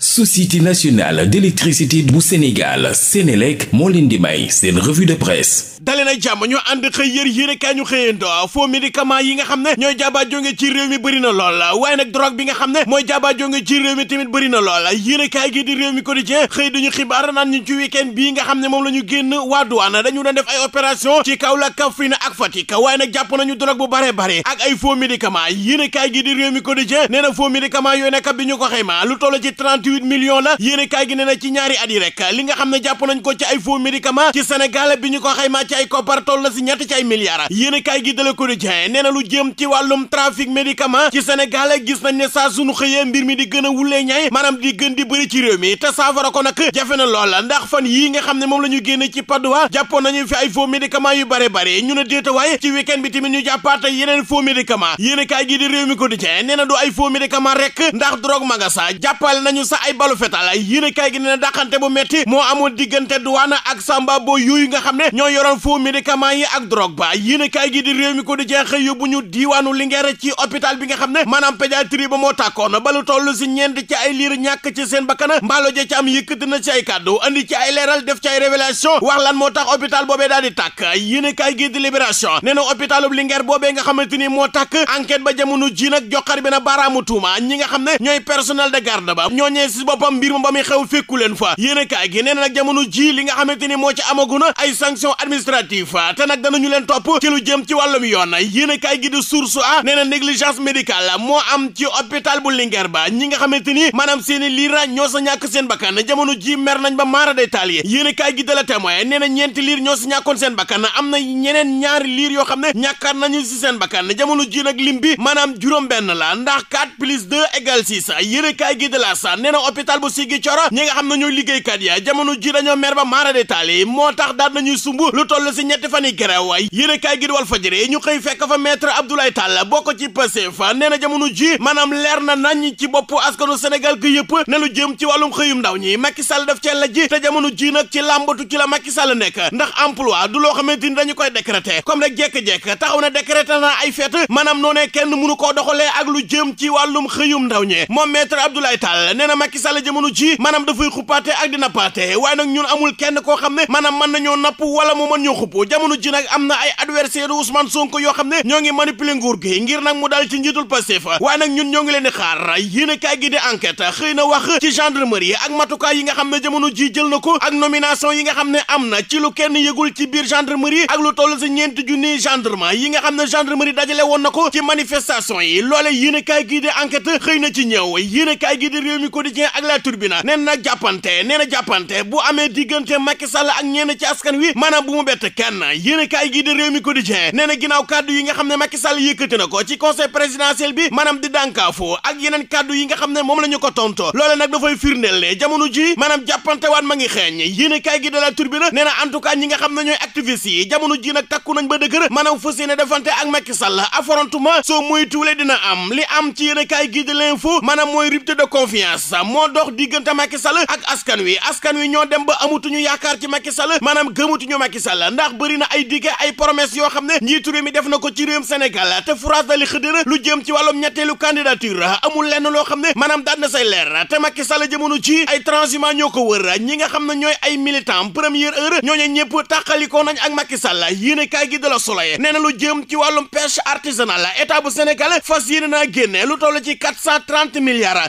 société nationale d'électricité bu Sénégal Sénélec moo leen di may seen revue de presse dalee jàmm ñu ànd xëy yër yéenekaay ñu xëyandoo faux médicament yi nga xam ne ñooy jaaba jonge ci réew mi mooy jaaba jonge ci réew mi tamit bëri na lool yéenekaay gi di réew mi quotidien xëy dañu xibaar naan ñu ci week-end nga xam ne moom la ñu génn waa douane dañu doon def ay opération ci Kaolack Kaffrine ak Fatick waaye nag jàpp nañu drogue bu bare bare ak ay faux médicament yéenekaay 128 millions la yéen kaay gi ne ci ñaari at yi li nga xam ne jàpp nañ ko ci ay faux médicament ci Sénégal bi ñu ko xaymaa ci ay koppar toll na si ñett ci ay milliards yéen kaay gi dale ko di jaay nee lu jëm ci wàllum médicament ci Sénégal gis nañ ne saa sunu xëyee mbir mi di gën a wulee ñaay di gën di bëri ci réew mi te saafara ko nag jafe na lool ndax fan yii nga xam ne moom la ñu ci paduwa jàppoon nañu fi ay faux ay balu fetal yéene kaay gi ne dàqante bu metti moo amoon diggante douane ak samba boo yooyu nga xam ne ñoo yoroon faux médicament yi ak drogue ba yéene kaay gi di réew mi ko di jeex yóbbu ñu diiwaanu Linguère ci hôpital bi nga xam ne maanaam pédiatrie ba moo tàkkoon balu toll si ñeent ci ay liir ñàkk ci seen bakkan mbaalo ja ci am yëkkati na ci ay kàddu andi ci ay leeral def ci ay révélation wax lan moo tax opital boobee daal di tàkk yéene kaay di libération nee na hôpitalu Linguère nga xamante ni moo tàkk enquête ba jamono ji nag joxar bi na baaraamu tuuma ñi nga xam ne ñooy personnel de si boppam mbir ma ba muy xew fekku leen fa yéen a kaay gi nee na jamono ji li nga xamante ni moo ci amaguna ay sanction administrative te nag danañu leen topp ci lu jëm ci wàllum yoon yéen a kaay gi di source a nee na négligence médicale moo am ci hôpital bu Linguère ba ñi nga xamante ni maanaam seen i liir ñoo sa ñàkk seen bakkan jamono ji mer nañ ba maara day taal yi yéen a kaay gi de la témoin nee na ñeenti liir ñoo si ñàkkoon seen bakkan am na ñeneen ñaari liir yoo xam ne ñàkkaar nañu si seen bakkan jamono ji nag lim bi maanaam juróom benn la ndax 4 plus 2 égale 6 yéen a kaay gi la sa na bu Ziguinchor ñi nga xam ne liggéey liggéeykat ya jamono ji dañoo mer ba maara de taali moo tax daal nañuy sumb lu toll si ñetti fan yi grève yéene kaay gi di Walf Fadjri ñu xëy fekk fa maître Abdoulaye Tall bokk ci Pastef nee na jamono ji maanaam leer na nañ ci bopp askanu Sénégal gi yëpp ne lu jëm ci wàllum xëyum ndaw ñi Macky Sall daf cee la ji te jamono ji nag ci làmbatu ci la Macky Sall nekk ndax emploi du loo xamante ni dañu koy décréter comme rek jekk-jekk taxaw na décréter na ay fête maanaam noonee kenn mënu koo doxalee ak lu jëm ci wàllum xëyum ndaw ñi moom maître Abdoulaye Tall nee Macky Sall jamono ji maanaam dafay xuppaate ak dina paate waaye nag ñun amul kenn koo xam ne maanaam mën nañoo napp wala mu mën ñoo xuppoo jamono ji nag am na ay adversaire Ousmane Sonko yoo xam ne ñoo ngi manipuler nguur gi ngir nag mu daal ci njiitul Pastef waaye nag ñun ñoo ngi leen di xaar yéen a kaay gi xëy na wax ci gendarmerie ak matukaay yi nga xam ne jamono ji jël na ko ak nomination yi nga xam ne am na ci lu kenn yëgul ci biir gendarmerie ak lu toll si ñeenti junni gendarme yi nga xam ne gendarmerie dajale woon na ko ci manifestation yi loole yéen a kaay gi xëy na ci ñëw yéen a kaay ci askan wi maanaam bu mu bett kenn yéen a kaay gi de réew mi Quotidien nee na ginnaaw kàddu yi nga xam ne Macky Sall ko ci conseil présidentiel bi maanaam di dànkaafu ak yeneen kàddu yi nga xam ne moom la ñu ko loole nag dafay firndeel ne jamono ji maanaam jàppante waat ma ngi xeeñ yéen a kaay gi de La Tribune nee na ñi nga xam ne ñooy activistes yi ji nag takku nañ ba dëgër maanaam defante ak Macky Sall affrontement résultat moo dox diggante Macky Sall ak askan wi askan wi ñoo dem ba amutuñu yaakaar ci Macky Sall maanaam gëmatuñu Macky Sall ndax bëri na ay digge ay promesse yoo xam ne njiitu réew mi def na ko ci réewum Sénégal te France dali xëdër lu jëm ci wàllum ñetteelu candidature amul lenn loo xam ne maanaam daan na say leer te Macky Sall jamono ci ay transhumants ñoo ko wër ñi nga xam ne ñooy ay militants première heure ñooñu ñëpp tàqalikoo nañ ak Macky Sall yéen kaay gi de la soloye nee na lu jëm ci lu toll ci quatre cent trente milliards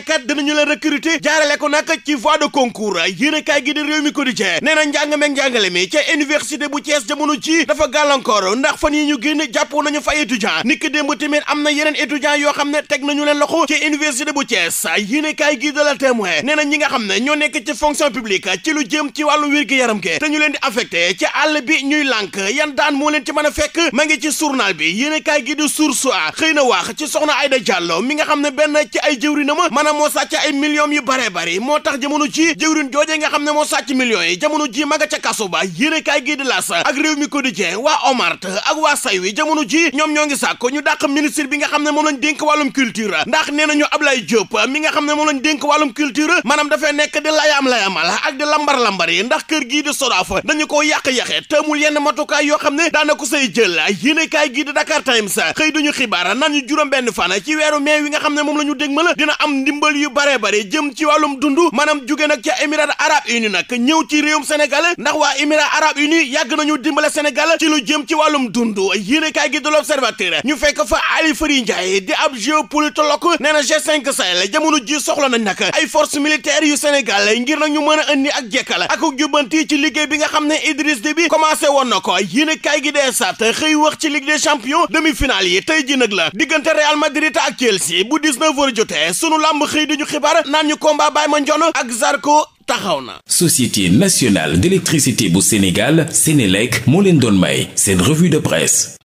jàngalekat dinañu leen recruter jaarale ko nag ci voie de concours yéenekaay gi di réew mi quotidien nee na njàng meeg njàngale mi ca université bu Thiès jamono ji dafa gàllankoor ndax fan yi ñu génn jàppo nañu fa étudiant ni dem démb tamit am na yeneen étudiant yoo xam ne teg nañu leen loxo ci université bu Thiès yéenekaay gi de la témoin nee na ñi nga xam ne ñoo nekk ci fonction publique ci lu jëm ci wàllu wér-gi-yaram ke te ñu leen di affecté ci àll bi ñuy lànk yan daan moo leen ci mën a fekk ma ngi ci journal bi yéenekaay gi di Source A xëy na wax ci soxna Aïda Diallo mi nga xam ne benn ci ay jëwri na ma maanaam moo sàcc ay millions yu bare bare moo tax jamono ji jëwriñ joojee nga xam ne moo sàcc millions yi jamono ji ma nga ca kaso ba yéene kaay gi di laas ak réew mi quotidien waa Omart ak waa say wi jamono ji ñoom ñoo ngi sàkk ñu dàq ministre bi nga xam ne moom lañ dénk wàllum culture ndax nee nañu Ablaye Diop mi nga xam ne moom lañ dénk wàllum culture maanaam dafay nekk di layaam layaamal ak di lambar lambar yi ndax kër gii di sodaaf dañu ko yàq-yàqe tëmul yenn matukaay yoo xam ne daana ko say jël yéene kaay gii di Dakar xibaar naan ñu benn fan ci weeru mai wi nga xam ne moom la ñu dégmal dina am ndim ndimbal yu bare bare jëm ci wàllum dund maanaam jóge nag ca émirats arabes unis nag ñëw ci réewum Sénégal ndax waa émirats arabes unis yàgg nañu dimbale Sénégal ci lu jëm ci wàllum dund yéene kaay gi de l'Observateur ñu fekk fa Ali Fari Ndiaye di ab géopolitologue nee na G5 Sahel jamono ji soxla nañ ay force militaire yu Sénégal ngir nag mën a indi ak jekkal ak jubbanti ci liggéey bi nga xam ne Idriss Déby commencé woon na ko yéene kaay gi de sat xëy wax du dañu xibaar naan ñu combat Baye Mandione ak Zarko taxaw na. Société nationale d'électricité bu Sénégal Sénélec moo leen doon may seen revue de presse.